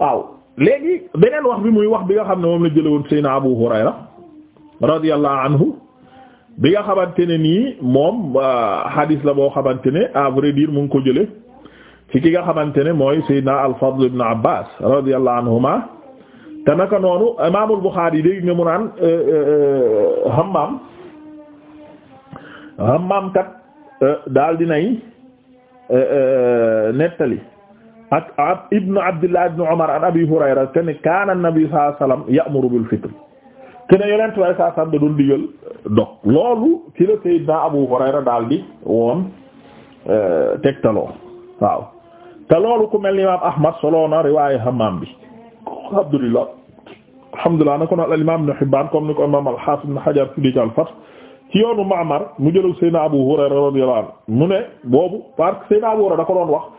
waaw léegi beneen wax bi muy wax bi nga xam ne moom la jëlee woon Seydina Abu Hurayra radiyallahu anhu bi nga xaman ne nii moom euh, hadis la boo xamante ne à vrai dire ko jële ci ki nga xamante ne mooy Seydina al-Fadl ibn Abbas radiyallahu anhuma te naka noonu Imaamul Buxaari dégg mu naan euh, euh, Hammam Hammam kat daal dinay nettali. ak ab ibnu abdillah an abi hurayra te ne kaana nabi sallallahu alayhi wa sallam ya'muru bil fitr te ne loolu ci la abu hurayra daal di woon euh, tegtaloo waaw te ku mel ni imaam ahmad soloo na riwaayu alhamdulillah alhamdulillah al imaam ibnu hibbaan comme ni ko imaam al hajar fi di al fath ci yoonu ma'mar mu jëlu sayyidna abu hurayra radiyallahu anhu mu ne boobu parce que abu hurayra da wax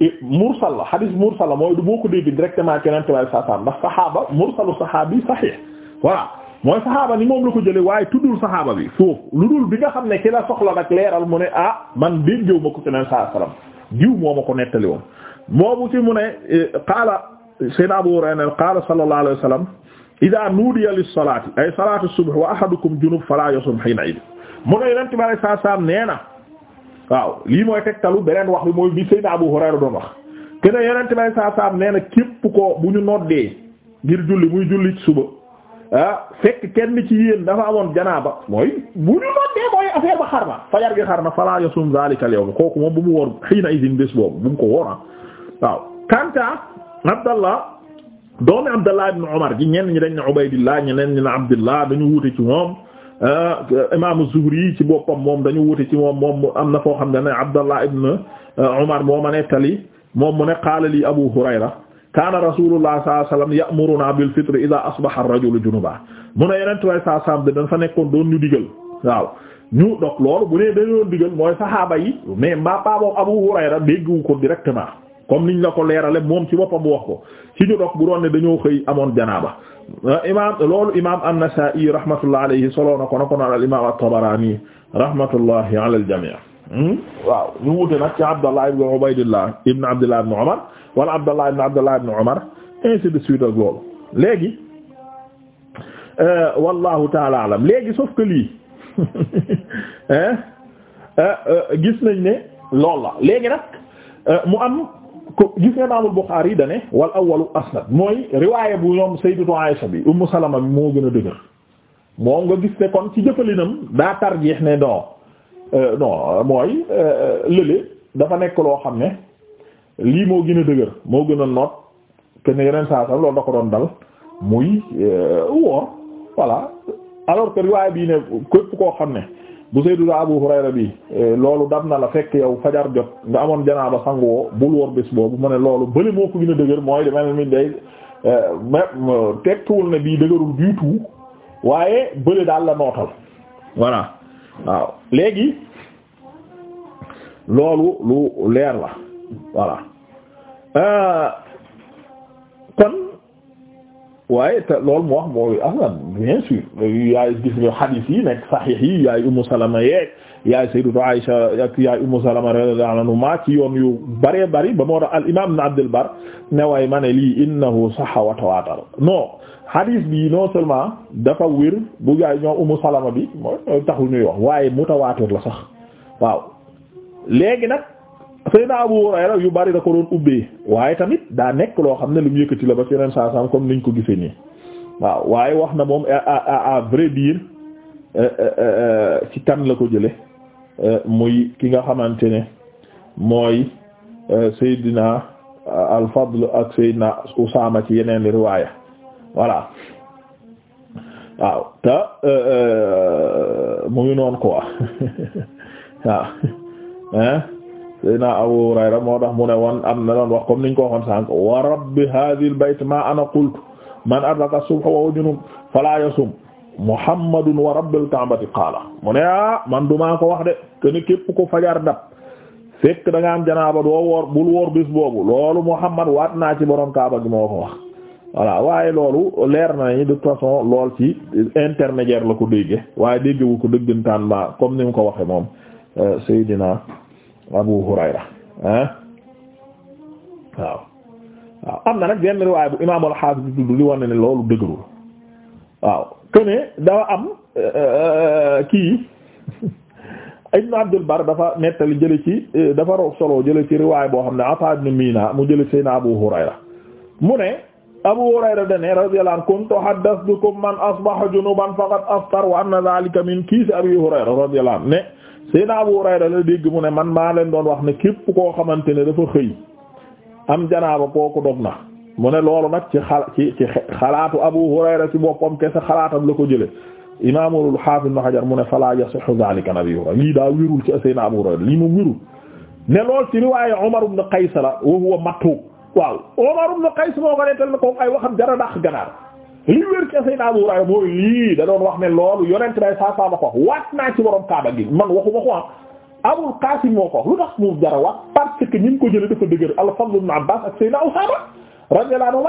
Eh, mursal la hadis mursal la mooy du boo ko dégg directement ci Yonent bi saa saa ndax saxaaba mursalu saxaabi saxiix voilà mooy saxaaba ni moom la ko jëlee waaye tuddul saxaaba bi foofu lu dul bi nga xam ne ki la soxla nag leeral mu ne ah man déggeewu ma ko ci Yonent saa salaam diw moo ma ko nettali woon. moobu ci mu ne eh, qaala Seydina Abu Hurayra qaala sallallahu alayhi wa sallam idaa nuudiya lis-salaati ay salaatu subh wa ahadukum junub falaa yasum hiina idin mu ne Yonent bi saa saa nee na. waaw lii mooy tegtalu beneen wax bi mooy bi Seydina Abu Hurayra doon wax kene yonente bay saa saam nee na képp ko bu ñu noddee ngir julli muy julli ci suba ah fekk kenn ci yéen dafa amoon janaaba mooy bu ñu noddee mooy affaire ba xar na fajar gi xar na fala yasum zalika al kooku moom bu mu wor xëy na isin boobu bu mu ko wora ah, waaw kanta Abdallah doomi Abdallah ibn Umar ji ñenn ñi dañ na Ubaydillah ñeneen ñi ne Abdallah dañu wute ci moom Euh, imaamu Zuhri ci boppam moom dañu wute ci moom moom am na foo xam ne ne Abdallah ibn euh, Umar moo ma nettali moom mu ne qaala li Abu Hurayra kaana rasuulullah sallallahu alayhi wasallam ya'muruna bil fitri idha asbaha ar-rajulu junuba mu ne yeneen tubaab saa saam dañ fa nekkoon doon ñu digal waaw ñu dox loolu bu nee dañu doon digal mooy saxaaba yi mais mbaa baa boobu Abu Hurayra déggu ko directement. comme niñ la ko leerale moom ci boppam wax ko ci ñu dox bu doon ne dañoo xëy amoon janaaba euh, imaam loolu imaam an-Nasaa'i rahmatullah alayhi solo na ko na ko naan al imaam at-Tabaraani rahmatullahi ala al-jamii hmm? waaw ñu wute nag ci Abdallah ibn Ubaydillah ibn Abdallah ibn Umar wala Abdallah ibn Abdallah ibn Umar ainsi de suite léegi euh, wallahu taala alam léegi sauf que lii euh, gis nañ ne loolu la léegi nag mu am ko gis nga Imaamul Buxaari da ne wal awwalu asnad mooy riwaayé bu ñoom Sayyidatu Aysa bi Ummu Salama bi moo gën a dëgër moom nga gis ne kon ci jëfalinam daa tarjeex ne non euh, non mooy euh, lële dafa nekk loo xam ne lii moo gën a dëgër moo gën a noot que ne yeneen saa sax loolu da ko doon dal muy euh, woor voilà alors que riwaayé bii ne képp koo xam ne. bu Seydou Abu Hurayra bi eh, loolu dab na la fekk yow fajar jot nga amoon janaaba sanguwoo bul woor bés boobu mu ne loolu bële moo ko gën a dëgër mooy dama mi day eh, tekkiwul ne bii dëgërul du tout waaye bële daal la nootal voilà waaw léegi loolu lu leer la voilà euh, kon. waaye te loolu mu wax mooy ahlan bien sûr yaay gis nga hadith yi nekk sahih yi yaay Ummu Salama yeeg yaay Sayyidatu Aisha ak yaay Ummu Salama radiyallahu anhuma ci yoon yu bëree bëri ba moo tax al imam Ibn Abdul Barr ne waay ma ne lii innahu sahha wa tawaatar non hadith bi non seulement dafa wér bu yaay ñoom Ummu Salama bi mooy taxul ñuy wax waaye mutawaatir la sax waaw léegi nag Seyna Abu Hurayra yu bari la ko loon ubbee waaye tamit daa nekk loo xam ne lu mu yëkkati la ba ci yeneen saa sam comme niñ ko gisee nii waaw waaye wax na moom à vrai dire euh, euh, euh, ci kan la ko jële muy ki nga xamante ne mooy Seydina al-Fadl ak Seydina Usaama ci yeneen riwaaya voilà waaw te mu ngi noonu quoi waaw. sayna Abu Hurayra moo tax mu ne woon am na doon wax comme niñ ko waxoon sànq wa rabbi hadhil bayt ma ana qultu man adraka subha wa junub fala yasum muhammadun wa rabbil ka'bati qaala mu ne ah man du dumaa ko wax de ni képp ko fajar dab fekk da nga am janaaba doo woor bul woor bis boobu loolu muhammad waat naa ci borom kaaba gi moo ko wax voilà waaye loolu leer na ni de toute lool ci intermédiaire la ko dégge waaye déggewu ko dëggantaan ba comme ni mu ko waxe moom euh, Seydina Abu Hurayra am na nag benn riwaay bu imaam al-Hafiz bi tudd li wane ne loolu dëgërul waaw euh, euh, euh, kii Ibn Abdul Bar dafa nettali jële ci dafa roog solo jële ci riwaay boo Ata ibn Mina mu jële seen Abu Hurayra mu ne Abu Hurayra dane radiyallahu anhu kuntu haddathtukum man asbaha junuban faqad aftar wa anna min kiis Abi Hurayra radiyallahu anhu Seydina Abu la dégg mu ne man maa leen doon wax ne képp koo xamante ne dafa xëy am janaaba kooku dog na mu ne loolu nag ci xala ci ci xalaatu Abu Hurayra ci boppam kese xalaatam la ko jële imaamul Haafiz Ibn Hajar mu ne falaa yasihhu zaalika an Abi lii daa wérul ci Seydina Abu Hurayra lii moom wérul ne lool ci riwaayu Umar ibn Qays la wa huwa matruuk waaw Umar ibn Qays moo ko nettal ne ko ay waxam jara dàq li a ca Seydina Abu Hurayra mooy lii da doon wax ne loolu yonent bay saa saa ma ko waat naa ci borom Kaaba gi man waxuma ah. lu tax mu jara wax parce que ñi ko jële dafa dëgër al-Fadl ibn Abbas ak Seydina Usaama radiyallahu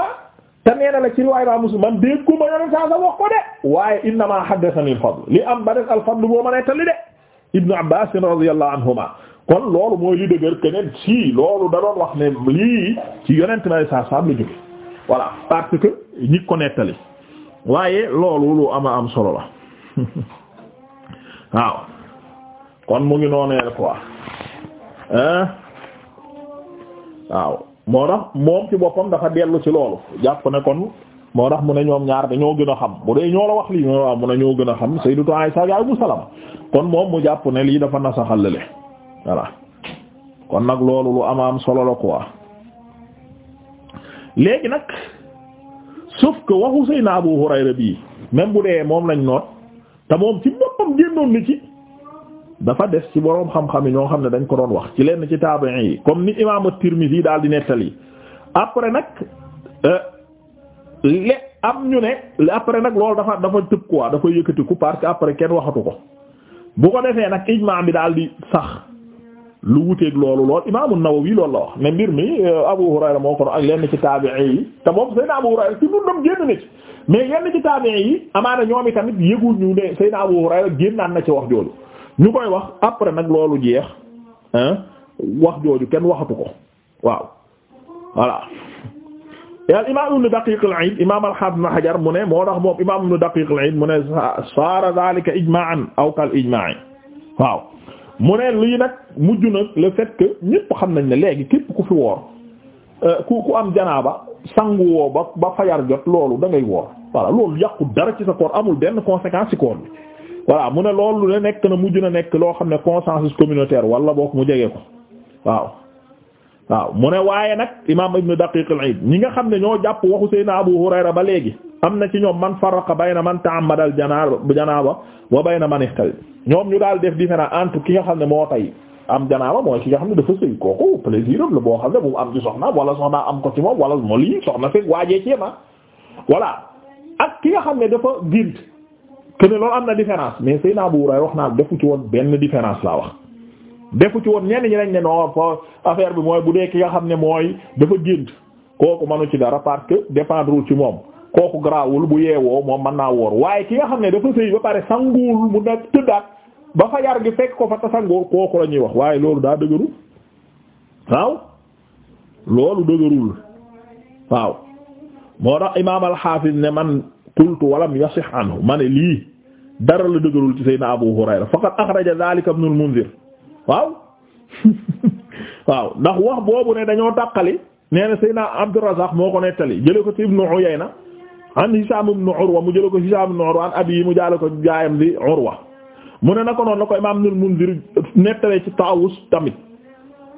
ma yonent saa sa wax ko de waaye li am ba def ma nettali de Ibn Abbas radiyallahu anhuma kon loolu mooy li dëgër si loolu da doon wax ne lii ci yonent bay saa saa la jóge voilà parce ko nettali waaye loolu lu ama am solo la waaw kon mu ngi noonee quoi waaw moo tax moom ci boppam dafa dellu ci loolu jàpp ne kon moo tax mu ne ñoom ñaar dañoo gën a xam bu dee ñoo la wax lii waaw mu ne ñoo gën a xam Sayyidatu Aisha yaay mu Salama kon moom mu jàpp ne lii dafa nasaxal lale voilà kon nag loolu lu ama am solo la quoi léegi nag. sauf que waxu Seydina Abu Hurayra bii même bu dee moom lañ noot te moom ci boppam génnoon ni ci dafa des ci boroom xam-xam yi ñoo xam ne dañ ko doon wax ci lenn ci taabi'i yi comme ni imaam at-Tirmidhi daal di nettali après nag euh, le am ñu ne après nag loolu dafa dafa tëb quoi dafa yëkkati ku parce que après kenn waxatu ko bu ko defee nag ijmaa bi daal di sax. lu wuteeg loolu lool imaamu Nawawi loolu la wax ne mbir mi euh, Abu Hurayra moo ko ak lenn ci taabi'i yi te moom Abu Hurayra ci dundam génn na ci mais yenn ci taabi'i yi amaana ñoom i tamit yëgul ñu ne Abu Hurayra génnaan na ci wax jooju ñu koy wax après nag loolu jeex wax jooju kenn waxatu ko waaw voilà al imam ibn daqiq al aid imam al hafiz hajar mu ne moo moom imam ibn daqiq al aid mu ne saara zalika ijma'an aw kal ijma'i waaw mu ne lii nag mujj nag le fait que ñëpp xam nañ ne léegi képp ku fi woor euh, ku ku am janaaba sangu woo ba ba fajar jot loolu da ngay woor voilà loolu yàqu dara ci sa koor amul benn conséquence ci koor bi voilà mu ne loolu la nekk na mujj na nekk loo xam ne consensus communautaire wala boog mu jege ko waaw waaw mu ne waaye nag imaam ibnu daqiq al-Iid ñi nga xam ne ñoo jàpp waxu Seydina Abu Hurayra ba léegi am na ci ñoom man farraqa bayna man ta'ammada al janaaba wa bayna man ihtal ñoom ñu daal def différence entre ki nga xam ne moo tay am janaaba mooy ki nga xam ne dafa sëy kooku boo xam ne bu am ci soxna wala soxna am ko ci moom wala moo lii soxna fekk waajee ci ma ah. voilà ak ki xam ne dafa gént que ne loolu am na différence mais Seydina Abu Hurayra wax naa defu ci woon benn différence laa wax defu ci woon ñenn ñi lañ ne non affaire bi mooy bu dee ki nga xam ne mooy dafa gént kooku manu ci dara parce que dépendre ci moom kooku garaawul bu yeewoo moom man naa woor waaye ki nga xam ne dafa sëy ba pare sanguwul mu nekk tëddaat ba fa yar gi fekk ko fa ta sanguwul kooku la ñuy wax waaye loolu daa dëgëru waaw loolu dëgërul waaw moo tax imaam al ne man qultu walam yasih anhu ma ne lii dara la dëgërul ci na Abu Hurayra faqad axraja dhalika Ibn al-Munzir waaw waaw ndax wax boobu ne dañoo tàqali nee na Seydina Abdurrazzaq moo ko nettali jële ko ci Ibn Uyayna an Hisaam ibn Urwa mu jëla ko Hisaam ibn Urwa an abi mu jaala ko jaayam di Urwa mu ne naka noonu la ko imaam Ibnul Munzir nettalee ci Taawus tamit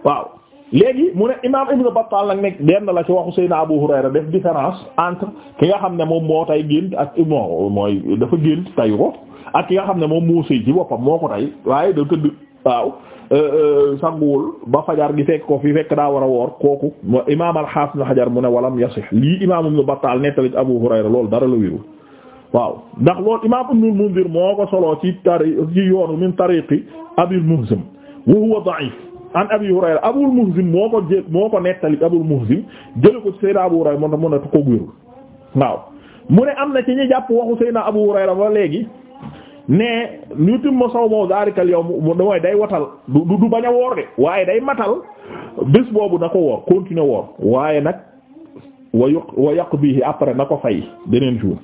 waaw léegi mu ne imaam Ibn nekk benn la ci waxu Seydina Abu Hurayra def différence entre ki nga xam ne moom moo tay gént ak moo mooy dafa gént tayu ko ak ki nga xam ne moom moo sëy ci boppam moo ko tay waaye da tëdd waaw Euh, euh, sanguwul ba fajar gi fekk ko fi fekk daa war a woor kooku imaam al-Hafiz na xajar mu ne walam yasih lii imaam Ibn Battal nettali Abu Hurayra loolu dara la wérul waaw ndax loolu imaam Ibnul Munzir moo ko soloo ci tari ci yoonu min tariqi Abil Muhzim wa huwa da'if an Abi Hurayra Abul Muhzim moo ko jël moo ko nettali Abul ko ci Seydina Abu Hurayra moo tax mu ne ko wérul waaw mu ne am na ci ñi jàpp waxu Seydina Abu Hurayra ba léegi ne nu tim ma saw moom daarikal yow mu mooy day watal du du bañ woor de waaye day matal bés boobu na ko woor continuer woor waaye nag wa yokk wa yokk bii après na ko fay beneen jour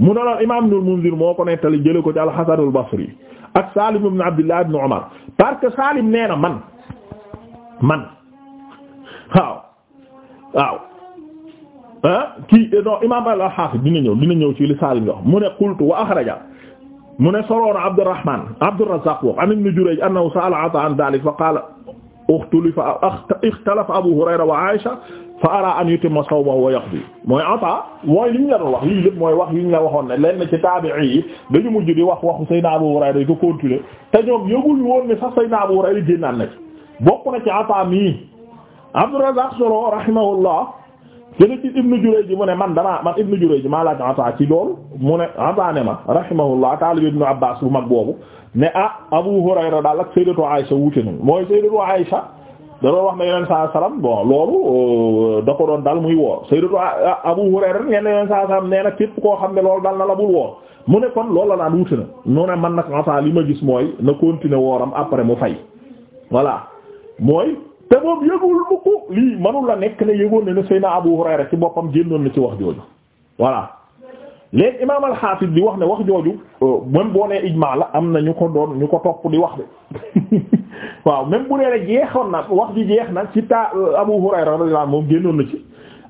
mu doon imaam Ibnul Munzir moo ko nettali jële ko ci al-Hasan al ak Salim ibn Abdullah ibn Umar parce que Salim nee na man man waaw waaw ah kii non imaam al-Hafiz dina ñëw dina ñëw ci li Salim wax mu ne qultu wa akhraja mu ne soloona Abdurrahman Abdurrazzaq wa an ibn Jurayj annahu sa'ala Ata an dhalik fa qala ukhtulifa ikhtalafa Abu Hurayra wa Aisha fa ara an yutimma sawmahu wa yaqdi mooy Ata mooy li ñu la doon wax lii lépp mooy wax yi ñu la waxoon ne lenn ci taabi'i yi dañu mujj di wax waxu Seydina Abu Hurayra yi ko continuer te ñoom yëgul woon ne sax Seydina Abu Hurayra yi génnaan na ci bokk na ci Ata mi Abdurrazzaq solo rahimahullah jële ci ibnu Jurayj ji mu ne man damaa man ibnu Jurayj ji maa laaj ata ci loolu mu ne ata ne ibnu Abbaas bu mag boobu ne ah Abu Hurayra daal ak sayyidatu Aysa wuute nañu mooy sayyidatu Aysa da doon wax ne yeneen saa salaam bon loolu euh, da ko doon dal muy woor sayyidatu ah, Abu Hurayra ñenn yeneen saa salaam nee na koo xam ne loolu dal na la bul woor mu ne kon loolu la naan wuute na mu ne man nag ata li ma gis mooy na continuer wooram après mu fay voilà mooy te moom yëgul ko lii manul la nekk ne yëgoon ne ne Abu Hurayra ci boppam génnoon na ci wax jooju voilà léegi imaam al-Hafiz wax ne wax jooju même boo nee ijmaa la am na ñu ko doon ñu ko topp di wax de waaw même bu nee la jeexoon na wax ji jeex na ci taa Abu Hurayra radiyallahu anhu moom génnoon na ci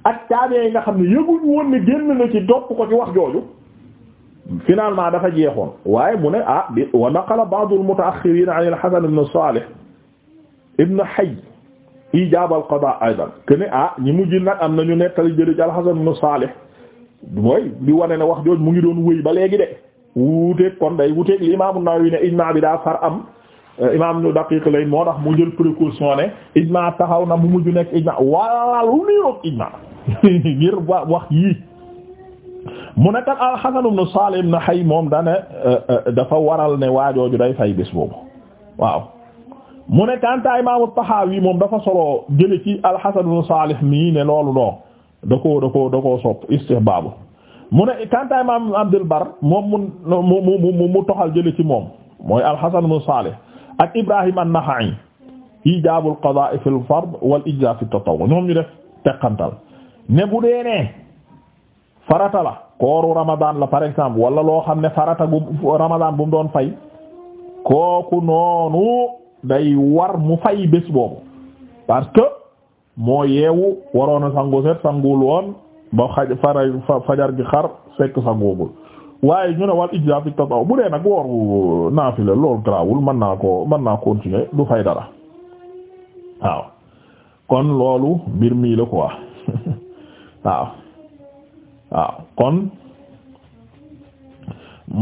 ak taabee yi nga xam ne yëguñ woon ne génn na ci topp ko ci wax jooju finalement dafa jeexoon waaye mu ne ah bi wa naqala ba'du al-muta'akhkhirin 'an al-Hasan ibn ijab al qada aidan que ne ah ñi mujj nag am nañu nettali jëli ci alxasan ibn Salih mooy di wane ne wax jooj mu ngi doon wéy ba léegi de wuuteeg kon day wuuteeg bi daa far am eh, imaam nu daqiq lay moo tax mu jël précaution ne taxaw na mu mujj nekk ijmaa walla lu niroog ijmaa ngir wax yii mu ne kat al-Hasan ibn Salih ibn Hayy moom dane eh, eh, dafa waral ne waajooju day fay bés boobu waaw mu ne kanta imaamu Taxaawi moom dafa solo jële ci al-Hasan ibn Salih mii ne loolu non da koo da istihbaabu mu ne kanta imaam Abdul Bar moom mu mu mu toxal jële ci moom mooy al-Hasan ibn Salih ak Ibrahim an-Naxa'i ijaabu al-qadaa'i fi al-fard wal ijzaa fi at-tatawwu' ñoom ñu la par exemple wala loo xam ne farata gu Ramadan bu mu doon fay kooku noonu. day war mu fay bés boobu parce que moo yeewu waroon a sangu set sanguwul woon ba fajar gi xar fekk sanguwul waaye ñu ne wal ijza fi bu dee nag wooru naafila loolu grawul mën naa ko mën naa continuer du fay dara waaw kon loolu mbir mii la quoi waaw kon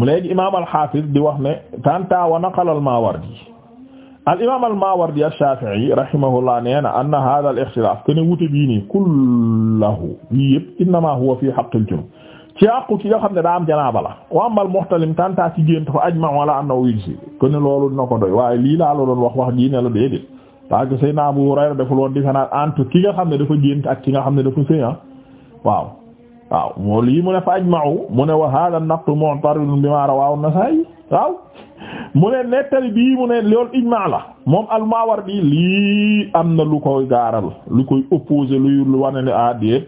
léegi imaam al-Hafiz di wax ne tanta wa naqala al-Mawardi al imaam al Maawardi ash-Shaafi'i rahimahullah nee na anna haadha al ixtilaaf kenn wuute bii nii kullahu yii yëpp innamaa huwa fii haqqil junub ci àqu ki nga xam ne daa am janaaba la wa ammal muhtalim tanta ci gént fa ajma'u ala annahu yujzi kenn loolu dina ko doy waaye lii laa la doon wax wax ji ne la déedéet parce que Seydina Abu Hurayra dafa loon différence entre ki nga xam ne dafa gént ak ki nga xam ne dafa sëy ah. waaw waaw moo lii mu ne fa ajma'u mu ne wa haadha an-naqdu mu'taridun bimaa rawaahu an-Nasaa'i waaw mu ne nettali bii mu ne loolu ijmaa la moom al-Mawardi lii am na lu koy gaaral lu koy opposé luy lu wane ne ah déet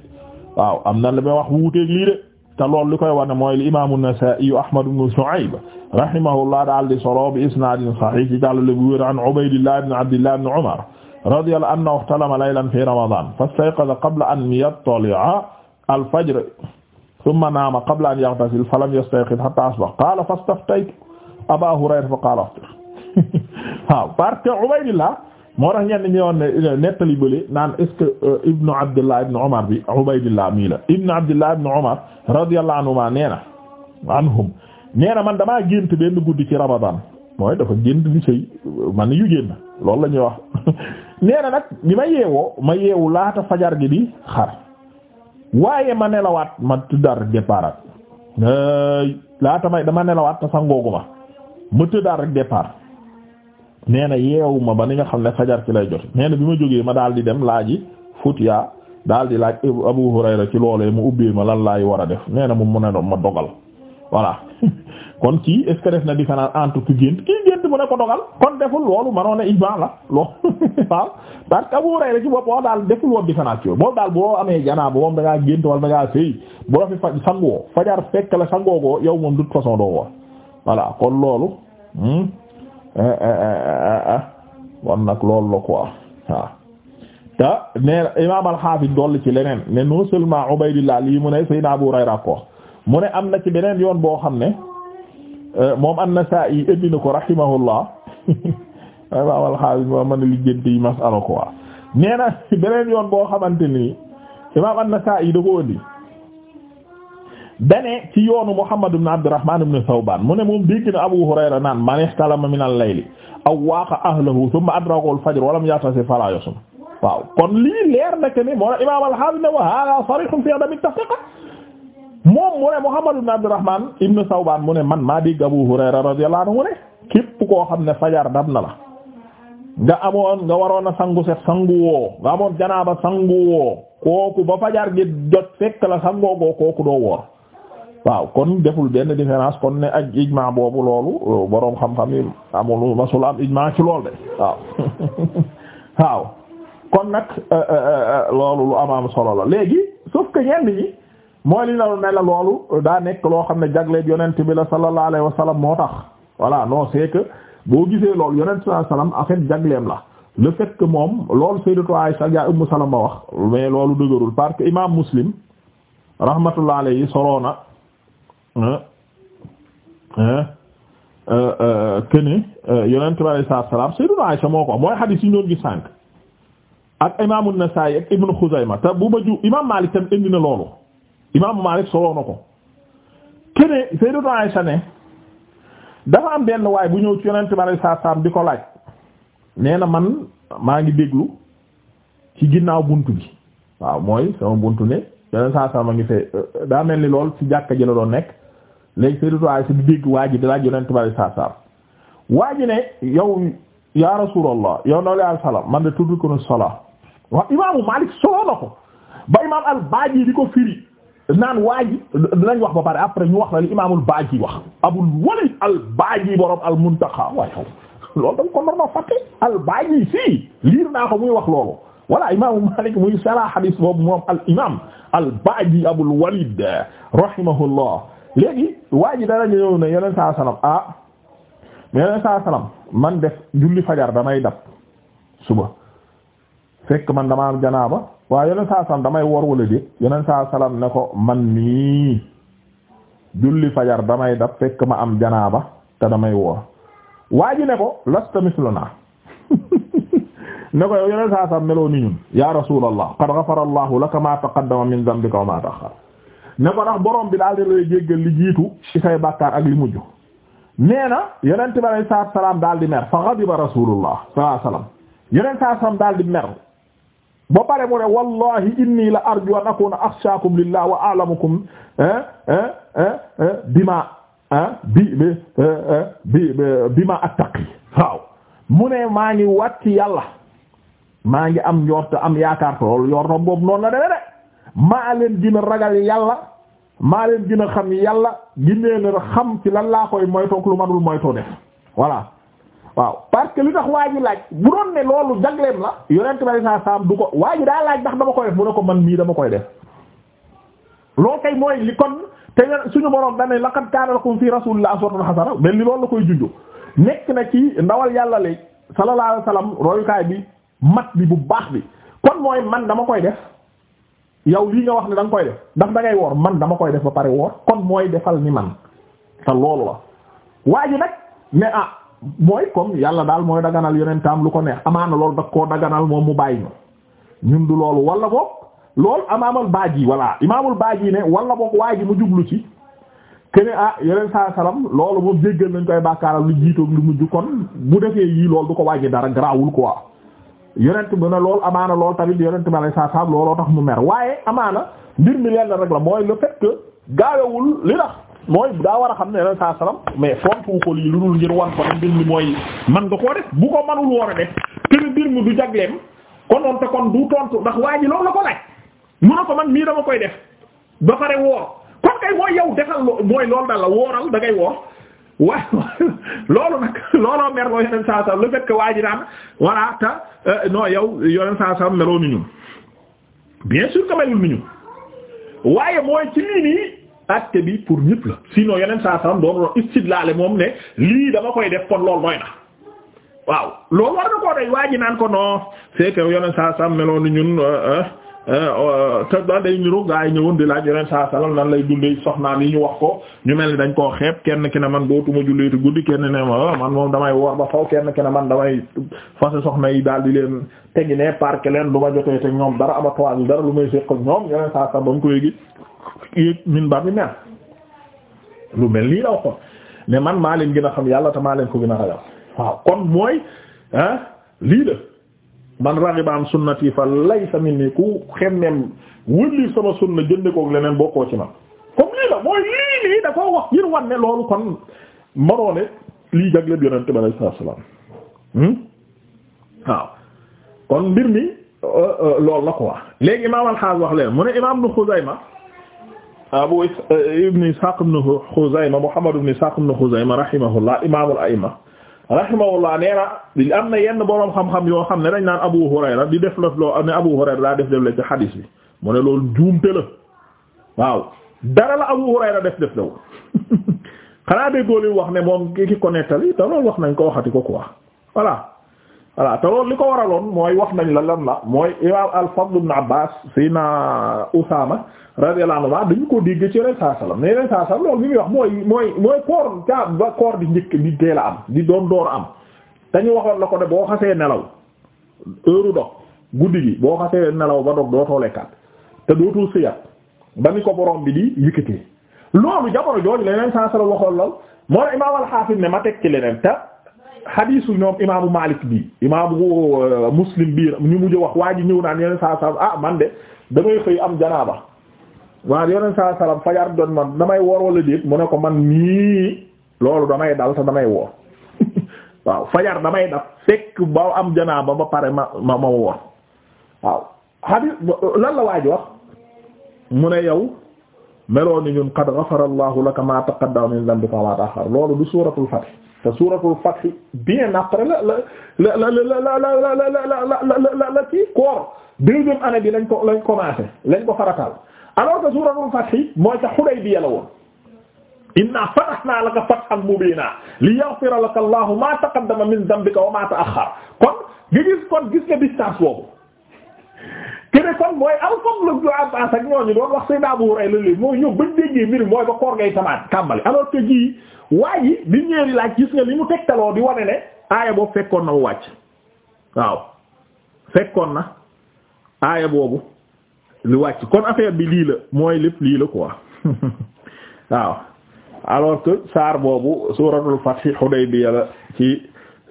waaw am na la may wax wuuteeg lii de te loolu li koy wane mooy li imaamu Nasaa'i Ahmad ibn Shu'ayb rahimahullah daal di solo bi isnaadin sahih ci jàllale bu wér an Ubaydillah ibn Abdillah ibn Umar radiyallahu anhu ihtalama laylan fi Ramadan fastayqaza qabla an yattali'a al-fajr thumma naama qabla an yaghtasil falam yastayqiz hatta asbaha qaala fastaftaytu Aba Hurayra fa qaala waaw parce que Ubaydillah moo tax ñenn ñi woon nettali bële naan est euh, Ibnu Abdillah Ibnu Omar bi Ubaydillah mii la Ibnu Abdillah Ibnu Omar radiyallahu anhuma nee man damaa gént benn guddi ci Ramadan mooy dafa gént di sëy man yu génn loolu lañuy wax nee na bi ma yeewoo ma yeewu laata fajar gi di xar waaye ma nelawaat ma tuddar départ ay laata may dama nelawaat te sangooguma ma tëddaat rek départ nee na yeewu ba ni nga xam ne fajar ci lay jot nee na bi ma jógee ma daal di dem laaji futiya daal di laaj Abu Hurayra ci loolee mu ubbee ma lan laay war a def nee na mu mun a ma dogal voilà kon kii est-ce que def na différence entre ku gént kii gént mu ne ko dogal kon deful loolu manoon ne ijma la loolu waaw parce que Abu Hurayra ci bopp wax daal deful woon différence yooyu moom daal boo amee janaaba moom da ngaa gént wala fi fa sangoo fajar fekk la yow moom de toute façon voilà kon loolu hmm? eh, eh, eh, kon nag loolu la quoi waaw te nee imaam al dolli ci leneen ne non seulement Ubaydillah lii mu ne Seydina Abu ko mu ne am na ci beneen yoon boo xam ne moom an-Nasa'i indi ko rahimahullah imaam al-Hafiz moo mën a liggéente masala quoi nee beneen yoon boo xamante ni imaam an-Nasa'i da ko indi dane ci yoonu Muhammad ibn Abdurrahman ibn Thawban mu ne moom dégg na Abu Hurayra waaw kon lii leer na ni mu ne Muhammad ibn Abdurrahman ibn Thawban mu ne man maa dégg Abu Hurayra radiyallahu anhu ne képp koo xam ne fajar dab na la nga amoon nga waroon a sangu set sangu woo nga amoon janaaba sangu woo kooku ba fajar gi jot fekk la sangoo kooku doo woor waaw kon deful benn différence kon ne ak ijmaa boobu loolu boroom xam-xam yi amul masul am ijmaa ci lool de waaw waaw kon nag euh, euh, euh, loolu lu am solo la léegi sauf que ñenn ñi mooy li la ne la loolu daa nekk loo xam ne jagleet yonent bi la sallallahu alayhi wa sallam moo tax voilà non c'est que boo gisee loolu yonent sallallahu alayhi wa sallam en fait jagleem la le fait que moom loolu Sayyidatu Aisha ya Ummu Salama wax mais loolu dëgërul parce que imam Muslim rahmatullah alayhi soroona këni euh, euh, euh, yonent bi alayhi salaatu salaam Sayyiduna Aysa moo ko mooy xadiis yi ñu doon gis ak imaamu Nasaa'i ak Ibnu Xuzayma te bu ma ju imaam Maalik tam indi na loolu imaamu Maalik soloo ko këni Sayyiduna Aysa ne dafa am benn waay bu ñëw ci yonent bi alayhi salaam di ko laaj nee na man maa ngi déglu ci ginnaaw bunt bi waaw mooy sama bunt ne yonent saa salaam a ngi fee daa mel ni lool ci jàkka ji la doon nekk léegi Sayyidatu Aysa di dégg waa ji di laaj Yonent bi sallallahu alayhi wasallam waa ji ne yow ya Rasulullah yow ndaw la salaam man de tudd ko salaam waaw imaamu Maalik solo na ko ba imaam al-Baaji di ko firi naan waa ji dinañ wax ba pare après ñu wax la li imaamul Baaji wax Abul Waliid al-Baaji borom al-Muntaqa waaye loolu danga ko normal fàtte al-Baaji si liir naa ko muy wax loolu. voilà imaamu Maalik muy sara hadis boobu moom al imaam al-Baaji Abul Waliid rahimahullah léegi waa ji dara ñëw ne yeneen saa salaam ah yeneen saa salaam man def julli fajar damay dab suba fekk man dama am janaaba waaw yeneen saa salaam damay wor wala déet yeneen saa salaam ne ko man nii julli fajar damay dab fekk ma am janaaba te damay wor waa ne ko lasta misluna ne ko yow yeneen saa salaam meloo ni ñun ya rasulallah qad ghafara allahu laka ma taqaddama min dhanbika wa ma ta'akhkhara ne ko ndax bi daal di lay jéggal li jiitu ci ak li mujj nee na yonent bi salaam daal di mer fa ghadiba rasulullah sallallahu alayhi wasallam yonent salaam daal di mer ba pare mu ne wallahi inni la arju an akuna akhshaakum lillah wa a'lamukum bima attaqi waaw mu ne maa ngi wàcc yàlla maa ngi am njort am yaakaar loolu yor na boobu maa leen gën ragal yàlla maa leen gën a xam yàlla ginnee leen xam ci lan laa koy moytoog lu manul moytoo def voilà waaw parce que li tax waa ji laaj bu doon ne loolu jagleem la yonent bi saa saam du ko waa ji daa laaj ndax dama koy def mu ne ko man nii dama koy def loo kay mooy li kon te suñu borom dañ ne laqad kaana lakum fi rasulillahi uswatun hasana mais li loolu la koy junju nekk na ci ndawal yàlla léegi sallallahu alayhi wasallam royukaay bi mat bi bu baax bi kon mooy man dama koy def. yow lii nga wax ne da koy def ndax da ngay woor man dama koy def ba pare woor kon mooy defal ni man te loolu la waa ji nag mais ah mooy comme yàlla daal mooy daganal yonentam lu ko neex amaana loolu da koo daganal moom mu bàyyi ñu ñun du loolu wala boog loolu amaamal baaji walla imaamul yi ne wala boog waa ji mu jublu ci keneen ah yeneen saa salaam loolu moom jéggal nañ koy bàkkaaral lu jiitoog lu mujj kon bu defee yii lool du ko wàññi dara garaawul quoi yonent bi ne lool amaana lool tamit yonent bi alayhi salaam looloo tax mu mer waaye amaana mbir mi lenn rek la mooy le fait que gaawewul li tax mooy daa war a xam ne na saa mais fontu ko lii lu dul ngir wan ko mbir mi mooy man nga koo def bu ko manul war a def te mbir mi du jagleem konoon te kon du tontu ndax waa ji loolu la ko laaj mu ne ko man mii dama koy def ba pare woor kon kay mooy yow defal mooy loolu daal la wooral da ngay woor. waaye loolu nag looloo mer loo yoneen saa sallam le fait que waa ji naan voilà te euh, yow yoneen saa sallam meloo ni ñun bien sûr que melul ni ñun waaye mooy ci lii acte bi pour ñëpp la sinon yoneen saa sallam doon doon istidlaale moom ne lii dama koy def kon loolu doy na waaw loolu war na koo doy waa naan ko non c'est que yoneen saa sallam meloo ni ñun euh, euh, Euh, te daal day niru gaa yi ñëwoon di laaj yeneen saa salaam nan lay dundee soxnaan yi ñu wax ko ñu mel ni dañ koo xeeb kenn ki ne man dootuma julleeti guddi kenn ne ma ah, man moom damay woor ba faw kenn ne man damay fase soxna yi daal di leen tegi ne parke leen du ma jotee ñoom dara amatuwaat yi dara may seq ñoom yeneen saa salaam ba ba mi mel lu mel nii la waxoon ne man maa leen gën a xam yàlla te maa leen ko gën a ragal waaw kon mooy ah lii la. man raxiba am sunnati fa laysa minni ku xemmem wëlli sama sunna jënd koog leneen bokkoo ci man comme lii la mooy lii lii da wax ngir wan loolu kon mënoo ne lii jagleel yonent bi alayhi salaam hmm? waaw kon mbir mi euh, euh, loolu la ko quoi léegi imaam al wax leen mu ne imaam Ibn Xuzayma Abu euh, Ibn Isaaq ibn Xuzayma Muhammad ibn Isaaq ibn Xuzayma rahimahullah imaamul a'imma rahimahullah nee na am na yenn boroom xam-xam yoo xam ne dañ naan Abu Hurayra di def laf loo ne Abu Hurayra daa def def la ci xadiis bi mu ne loolu juumte la waaw dara la Abu Hurayra def def law xanaa déggoo li wax ne moom ki ko nettali te loolu wax nañ ko waxati ko quoi voilà voilà te loolu li ko waraloon mooy wax nañ la lan la mooy imaam al-Fadl ibn Abbas sayna Usaama radiyallahu anhu dañu ko dégg ci yeneen la salaam mais yeneen saa loolu li muy wax mooy mooy mooy koor ca ba koor di njëkk di teel am di doon door am dañu waxoon la ko ne boo xasee nelaw heure dog guddi gi boo xasee nelaw ba dog dootoo lekkaat te dootul sëyaat ba ni ko borom bi di yëkkatee loolu jamono jooju leneen saa salaam waxoon lool moo ne imaam ma teg xadiisu ñoom imaamu Maalik bi imaamu euh, Muslim bi ñu mujj wax waa ji ñëw naan yeneen saa salaam ah man de damay xëy am janaaba waaw yeneen saa salaam fajar man damay woor wala déet mu ne ko man nii loolu damay dal te damay woor waaw fajar damay daf fekk ba am janaaba ba pare ma ma ma waaw xadiis lan la waa wax mu ne yow meloo ni ñun qad ghafara Allahu laka ma taqaddama min dhanbika wa ma ta'akhkhara loolu du suuratul Fath te suuratul Fath bien après la la la la la la la ci koor deuxième année bi lañ ko lañ commencé lañ ko farataal alors que suuratul Fath mooy ca Hudaybiya la woon. inna fatahna laka fathan mubina liyaghfira laka Allahu ma taqaddama min dhanbika wa ma ta'akhkhara kon nga gis kon gis nga distance boobu. kene kon mooy al fadl ibn Abbas ak ñooñu doon wax Seydina Abu Hurayra léegi mooy ñëw bañ déggee mbir mooy ba koor ngay tamaat tàmbali alors que jii waaye yi biñ ñëwee laaj gis nga li mu teg tegtaloo di wane ne aaya boobu fekkoon na mu wàcc waaw fekkoon na aaya boobu li wàcc kon affaire bi lii la mooy lépp lii la quoi waaw alors que saar boobu suuratul Fath Hudaybiya la ci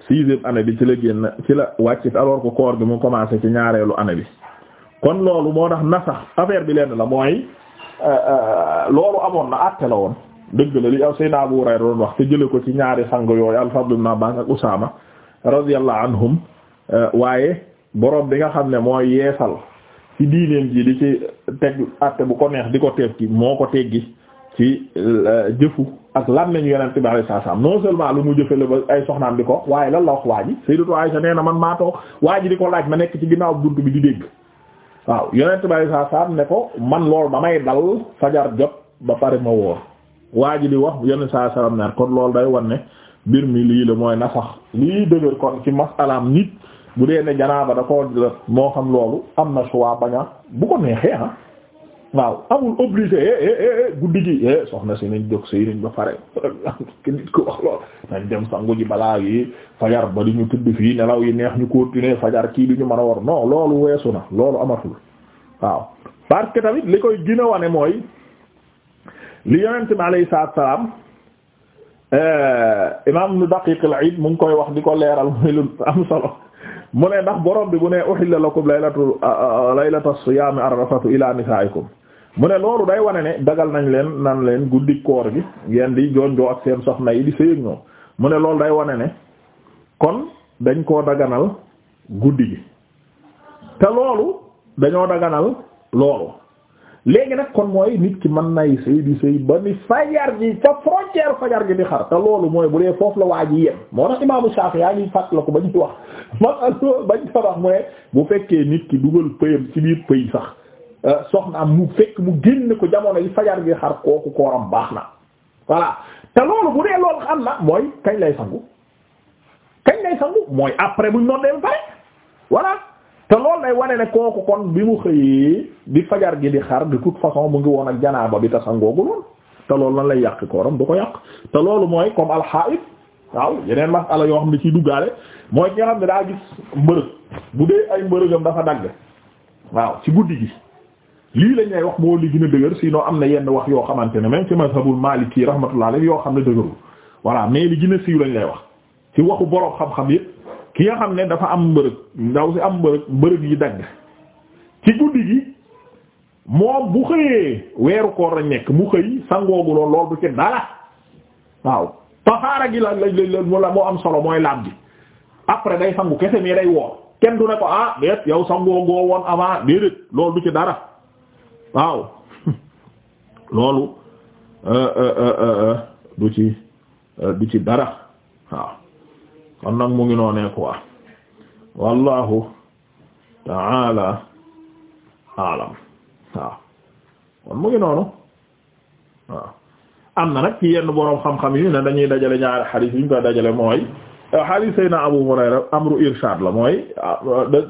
sixième année bi ci la génn ci la wàcc alors ko koor gi mu commencé ci ñaareelu année bi kon loolu moo tax nasax affaire bi lenn la mooy euh, euh, loolu amoon na àtte la woon dëgg la li aw Seydina Abu Hurayra doon wax te jële ko ci ñaari sang yooyu al-Fadl ibn Abbas ak Usaama radiyallahu anhum euh, waaye boroom bi nga xam ne mooy yeesal ci diineen ji di ci teg àtte bu ko neex di ko teeg ci moo ko teggi ci jëfu ak lan nañu yonent bi alayhi salaam non seulement lu mu jëfale ba ay soxnaam di ko waaye lan la wax waa ji Sayyidatu na man maa toog waa ji di ko laaj ma nekk ci ginnaaw bunt bi di dégg waaw yonent bàyyi saa saam ne ko man lool ba may dal fajar jot ba pare ma woor waa ji di wax yonent saa saam ne kon loolu day wan ne mbir mi lii la mooy nasax lii dëgër kon ci masalaam nit bu dee ne janaaba da ko moo xam loolu am na choix bañ a bu ko neexee ah waaw amul obligé eh, eh, eh, guddi gi soxna si nañ jóg sëy nañ ba pare nit ko wax lool nañ dem sangu balaa yi fajar ba di ñu tudd fii nelaw yi neex ñu continuer fajar kii du ñu mën a war non loolu weesu na loolu amatul waaw parce tamit li koy gën a wane mooy li yonent bi alayhi salaatu salaam imaam nu daqiq al-Iid mu ngi koy wax di ko leeral muy lu am solo mu ne ndax borom bi bu ne uhilla lakum laylatu laylatu siyaami ar-rafathu ila nisaa'ikum mu ne loolu day wane ne dagal nañ leen nan leen guddi koor gi ngeen di jonjoo ak seen soxna yi di sëyeek ñoom mu ne loolu day wane ne kon dañ koo daganal guddi gi te loolu dañoo daganal loolu léegi nag kon mooy nit ki mën nay sëy di sëy ba ni fajar gi ca frontière fajar gi di xar te loolu mooy bu dee foofu la waa ji yem moo tax imaamu Shaafi yaa ngi fàtt la ko ba ñuy wax ma bañ sa mu ne bu fekkee nit ki dugal pëyam ci biir pëy sax Euh, soxnaam mu fekk mu génn ko jamono yi fajar gi xar kooku kooram baax na voilà te loolu bu dee loolu xam na mooy kañ lay sangu kañ lay sangu mooy après buñ noon dem pare voilà te loolu day wane ne kooku kon bi mu xëyee bi fajar gi di xar de toute façon mu ngi woon ak janaaba bi te sangoogu lool te loolu lan lay yàq kooram du ko yàq te loolu mooy comme alxaid waaw yeneen masala yoo xam ne ciy duggaale mooy ki nga xam ne daa gis mbërëg bu dee ay mbërëgam dafa dagg waaw ci guddi gi lii lañ lay wax moo li gën a dëgër sinon am na yenn wax yoo xamante ne même ci mazhabul maliki rahmatullah alayhi yoo xam ne dëgërul voilà mais li gën a siiw lañ lay wax ci waxu boroom xam-xam yi ki nga xam ne dafa am mbërëg ndaw si am mbërëg mbërëg yi dagg ci guddi gi moom bu xëyee weeru koor lañ nekk mu xëy sangoogu lool lool du ci dara waaw taxaara gi la la moo am solo mooy laab gi après day sangu kese mais day woor kenn du ne ko ah déet yow sangoogoo woon avant déedéet loolu ci dara waaw loolu euh, euh, euh, du ci du ci dara waaw kon nag mu ngi noonee quoi wallahu taala alam waaw kon mu ngi noonu waaw am na nag ci yenn boroom xam-xam yu ne dañuy dajale ñaari xadiis yu ñu koy dajale mooy hadith sayna Abu Hurayra amru la mooy ah, da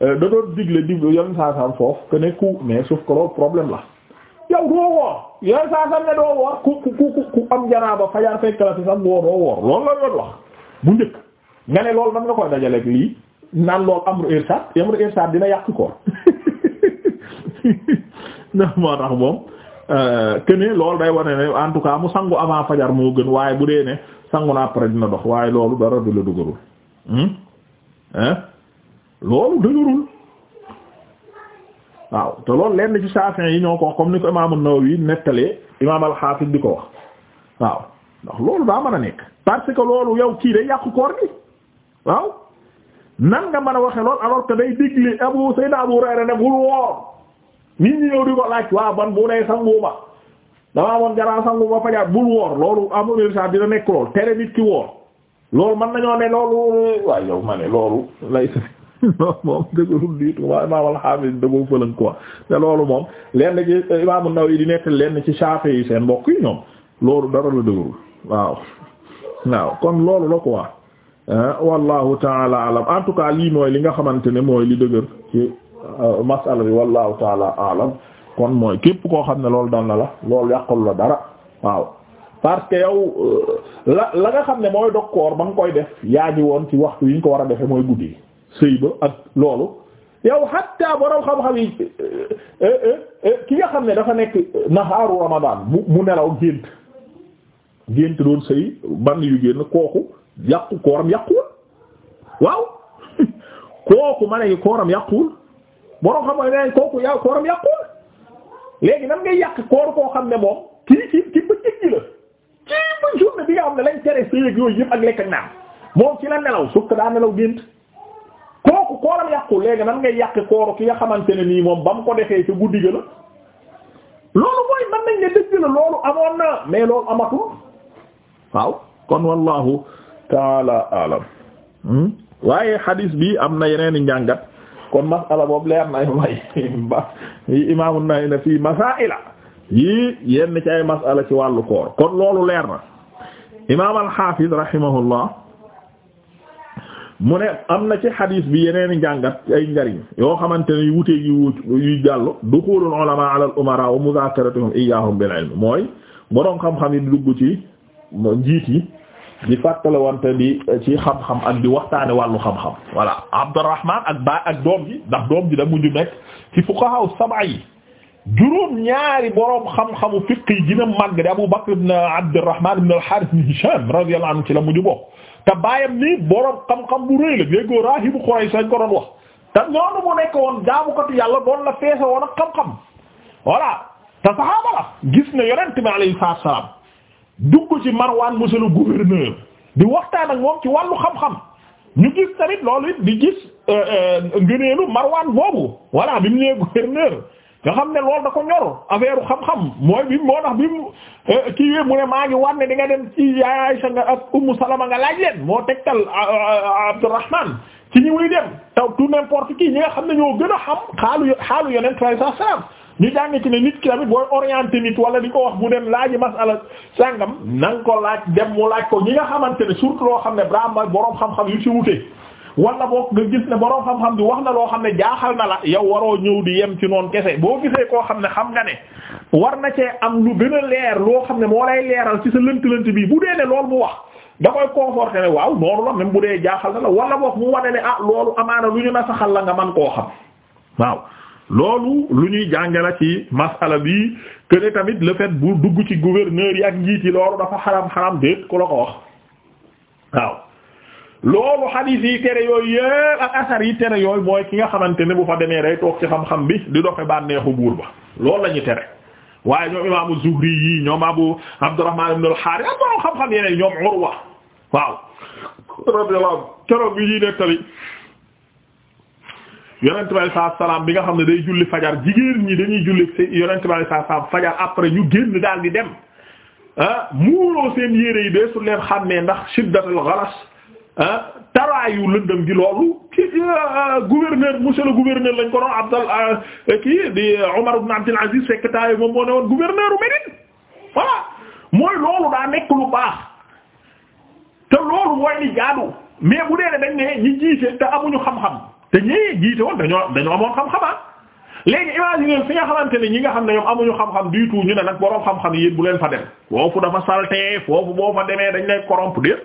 da digle digle yan saasam foofu que ku mais sauf que loolu problème la yow doo woor yan saasam ne doo woor ku ku ku ku am janaaba fajar fekk la si sax doo doo woor loolu la doon wax bu njëkk nga ne loolu man nga koy dajaleeg lii naan loolu amru irshad amru irshad dina yàq ko ndax moo tax moom euh, que ne day wane ne en tout cas mu sangu avant fajar moo gën waaye bu dee ne. sangu naa après dina dox waaye loolu dara du la dëgërul hein hmm? eh? loolu dëgërul waaw te loolu lenn ci Shafi'i yi ñoo ko comme ni ko imaam An-Nawawi nettalee imaam al di ko wax waaw ndax loolu daa mën a nekk parce que loolu yow kii de yàqu koor gi waaw nan nga mën a waxe lool alors que day digli Abu Sayyid Abu Hurayra ne bul woor nit ñi ñëw di laaj waaw ban bu nay sangu ma damaa amoon jaraa sangu ba fajar bul woor loolu amul sa dina nekk lool tere nit ki woor loolu man nañoo ne loolu waaye yow ma ne loolu lay sa loolu moom dëggalul diitu waa imam alxaafis dëggoo fëlan quoi te loolu moom lenn ci imam An-Nawawi di nettali lenn ci Shafi'i yi seen mbokk yi ñoom loolu dara la dëggarul waaw waaw kon loolu la quoi wallahu taala alam en tout cas lii mooy li nga xamante ne mooy li dëgër ci euh, masala bi wallahu taala alam kon mooy képp koo xam ne loolu dal na la loolu yàqul la dara waaw parce que yow euh, la la nga xam ne mooy dog koor ba nga koy def yaa ngi woon ci waxtu yi ko war a defee mooy guddi sëy ba ak loolu yow hatta borom xam-xam yi euh, euh, ki nga xam ne dafa nekk naxaaru Ramadan mu mu nelaw gént gént doon sëy ban yu génn kooku yàqu kooram yàquwul waaw kooku ma ne kooram yàquwul borom xam-xam yi ne kooku yaa kooram yàquwul. léegi nan ngay yàq koo xam ne moom kii kii kii bëccëg la kii ba journée bi nga xam ne lañ tere séyeg yooyu yëpp ak lekk ak naan moom ci la nelaw sukk daa nelaw gént kooku kooram yàqu léegi nan ngay yàq ki nga xamante ne nii moom ba mu ko defee ci guddi ga la loolu mooy mën nañ ne dëgg la loolu amoon na mais loolu amatul waaw kon wallahu taala alam hmm? waaye hadis bi am na yeneen i njàngat kon masala boobu leer na way i imaamu an na fii masaa'ila yii yenn ci ay masala ci wàllu koor kon loolu leer na imaam al-Hafiz rahimahullah mu ne am na ci xadiis bi yeneeni njàngat ay njariñ yoo xamante ne yu wutee yu yu jàll duxulul ulama al umara wa muzakaratuhum iyyahum bil ilm mooy boroom xam-xam ci njiit yi di fàttalewante di eh, ci xam-xam ak di waxtaane wàllu xam-xam voilà Abdurrahman ak baay ak doom ji ndax doom ji da mujj nekk ci fuqaha sab'a yi juróom ñaari boroom xam-xamu fiqh yi gën a màgg di Abu Bakr ibn Abdurrahman ibn al-Harith ibn Hisham radiyallahu anhu ci la mujj bokk te baayam nii boroom xam-xam bu rëy la léegoo rahibu Quraysh sañ ko doon wax te noonu mu nekk woon jaamukatu yàlla doon la feese woon ak xam-xam voilà te saxaaba la gis na yonent bi alayhi salaam dugg ci marwaan monsieur le gouverneur di waxtaan ak moom ci wàllu xam-xam ñu gis tamit loolu di gis euh, euh, ngëneelu Marwan boobu voilà bi mu nee gouverneur nga xam ne loolu da ko ñor affaire xam-xam mooy bi moo tax bi mu euh, kii yooyu mu ne maa ngi war ne di nga dem ci yaay nga ak Ummu Salama nga laaj leen moo tegtal Abdurrahman ci ñu muy dem taw tout n'importe qui ñi nga xam ne ñoo gën a xam xaalu xaalu yonent sallallahu alayhi wasallam ñu jàng ci ne nit ki tamit booy orienté nit wala di ko wax bu dem laaji masala sàngam na nga ko laaj dem mu laaj ko ñi nga xamante ne surtout loo xam ne brahma boroom xam-xam yu ci wute wala boo nga gis ne boroom xam-xam bi wax na loo xam ne jaaxal na la yow waroo ñëw di yem ci noonu kese boo gisee koo xam ne xam nga ne war na cee am lu gën a leer loo xam ne moo lay leeral ci sa lënt-lënt bii bu dee ne loolu mu wax da koy conforté ne waaw noonu la même bu dee jaaxal wala boog mu wane ne ah loolu amaana lu ñu na saxal la nga man koo xam waaw loolu lu ñuy jànge la ci masala bi que tamit le bu dugg ci gouverneur yi ak njiit yi loolu dafa xaram xaram déet ku la ko wax waaw loolu xadiis yi tere yooyu yëpp ak asar yi tere yooyu mooy ki nga xamante ne bu fa demee day toog ci xam-xam bi di doxe bànneexu buur ba loolu la ñu tere waaye ñoom imaamu Zuhri yi ñoom Abu Abdurrahman ibn al-Harith ak borom xam-xam yeneen ñoom Urwa waaw rabiola keroog bi ñuy nettali yonent bi alayhi salaam bi nga xam ne day julli fajar jigéen ñi dañuy julli yonent bi alayhi salaam fajar après ñu génn daal di dem ah muuroo seen yére yi deesu leen xàmmee ndax shiddatul ghalas ah taraayu lëndëm gi loolu ci ah, gouverneur monsieur le gouverneur lañ ko doon Abdal ah, kii di Omar ibn Abdul Aziz fekk taay moom moo ne woon gouverneur u Médine mooy loolu daa nekk lu baax te loolu mooy li jaadu mais bu dee dañ ne ñi jiite te amuñu xam-xam. te ñi jiite woon dañoo dañoo amoon xam xam a ah. léegi imagine fi nga xamante ne ñi nga xam ne ñoom amuñu xam-xam du tout ñu ne nag boroom xam-xam yéen bu leen fa dem foofu dafa saltee foofu boo fa demee dañ lay corrompre déet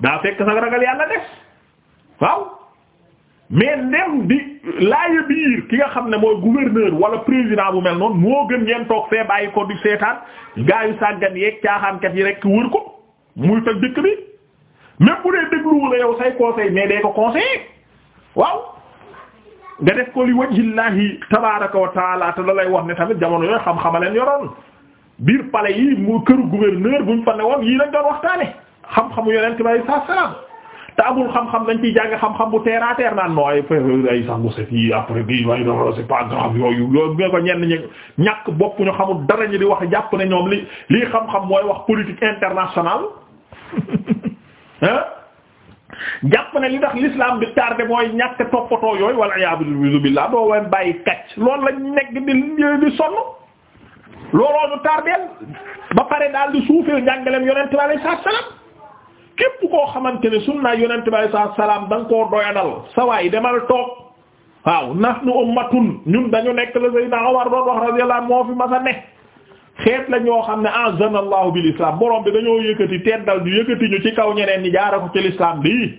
daa fekk sax ragal yàlla des waaw mais ndem di laaya biir ki nga xam ne mooy gouverneur wala président bu mel noonu moo gën ngeen toog fee bàyyi ko di seetaan gaa yu sàggan yeeg caaxaankat yi rek wër ko muy toj dëkk bi même yow waaw nga def ko li wajhillahi tabaaraka wa te la lay wax ne tamit jamono yooyu xam-xama leen yoroon biir palais yi mu këru gouverneur buñ fa ne woon yii lañ doon waxtaane xam-xamu yonent bi saa salaam te amul xam-xam dañ ciy jàng xam-xam bu terre à naan nooy ay sangu set yi après bi waaye yooyu yooyu bu ko ñenn ñi ñàkk bopp ñu xamul dara ñu di wax jàpp ne ñoom li lii xam-xam mooy wax politique international jàpp na li tax l'islam bi tardé mooy ñàkk toppatoo yooyu wala iyaadu billah doo leen bàyyi kàcc loolu lañ nekk di di sonn looloo ñu tardeel ba pare daal di suufeel njàngaleem yonent bi alayhi salaam képp koo xamante ne sunna yonent bi alayhi salaam da nga koo doyadal sa waay demal toog waaw nahnu ummatun ñun dañu nekk la Sayyidina Umar doon wax radiyallahu anhu moo fi masa ne xeet la ñoo xam ne azana allahu bi islam borom bi dañoo yëkkati teddal ñu yëkkati ñu ci kaw ñeneen ñi jaara ko ci l'islam bi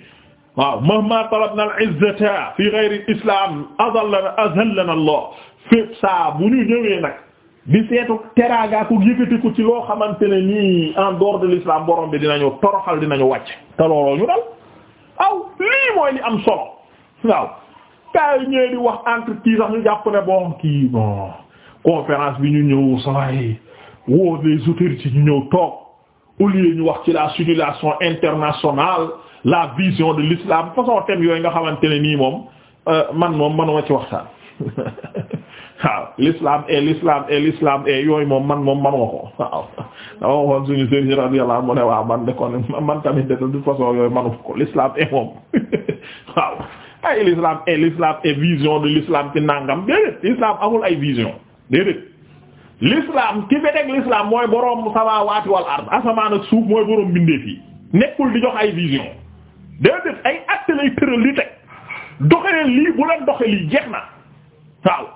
waaw mahma talabna al izzata fi ghayri al islam azallana allah fépp bu ñu ñëwee nag di seetu teraanga ku yëkkati ko ci loo xamante ne nii en dehors de l'islam borom bi dinañu toroxal dinañu wàcc te looloo ñu dal aw lii mooy li am solo waaw kaa yi ñëwee di wax entre kii sax ñu jàpp ne kii bon conférence bi ñu ñëw so woo les autorités ñu ñëw toog au lieu ñu wax ci la situation internationale la vision de l'islam façon thème yooyu nga xamante ne nii moom euh, man moom manuma ci waxtaan waaw l'islam et l'islam et l'islam et yooyu moom man moom manuma ko waaw dama waxoon suñu sëriñ radiyallahu mu ne waaw man de kon man tamit de toute façon yooyu manuma ko l'islam et moom waaw ay l'islam et l'islam et vision de l'islam ci nangam déedéet l'islam amul ay vision déedéet l'islam ki fi teg l'islam mooy borom samaawaati wal ard asamaan ak suuf mooy borom bindee fii nekkul di jox ay vision déedéet ay actes lay tëral li teg lii bu leen doxee lii jeex na waaw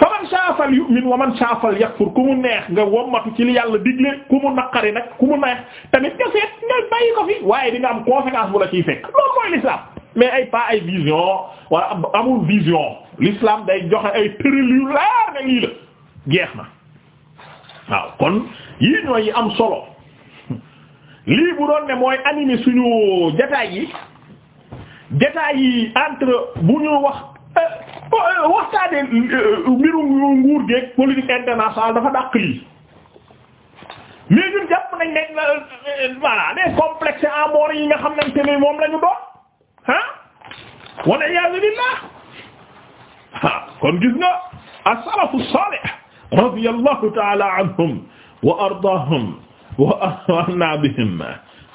fa man saa fal wa man saa fal yakfur ku mu neex nga wommatu ci li yàlla digle ku mu naqari nag ku mu neex tamit nga seet nga bàyyi ko fi waaye di nga am conséquence bu la ciy fekk loolu mooy l'islam mais ay pas ay vision wala amul vision l'islam day joxe ay jeex na waaw kon yii ñooy am solo lii bu doon ne mooy animer suñu jataay yi jataay yi entre bu ñu wax euh, waxtaanee euh, mbirum nguur geek politique internationale dafa dàq lii mais jàpp nañ ne euh, voilà des complexes en mor yi nga xam nañ ne moom lañu ñu doon ah wala iyaazu ah kon gis nga as-salafu salih radiyallahu ta'ala anhum wa ardaahum wa anna bihim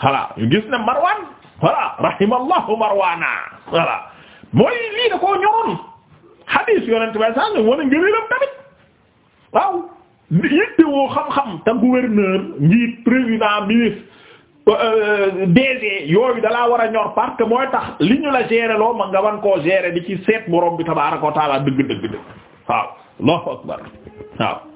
voilà ñu gis ne Marwan voilà rahimallahu Marwana voilà mooy lii da koo ñoroon hadis yonent bay sax ne wane ngëneelam tamit waaw yitte woo xam-xam te gouverneur njiit président ministre euh, DG yooyu dalaa war a ñor parce que mooy tax li ñu la gérer loo ma nga wan koo gérer di ci seet borom bi tabaaraka wa taala dëgg dëgg dëgg waaw Allahu akbar waaw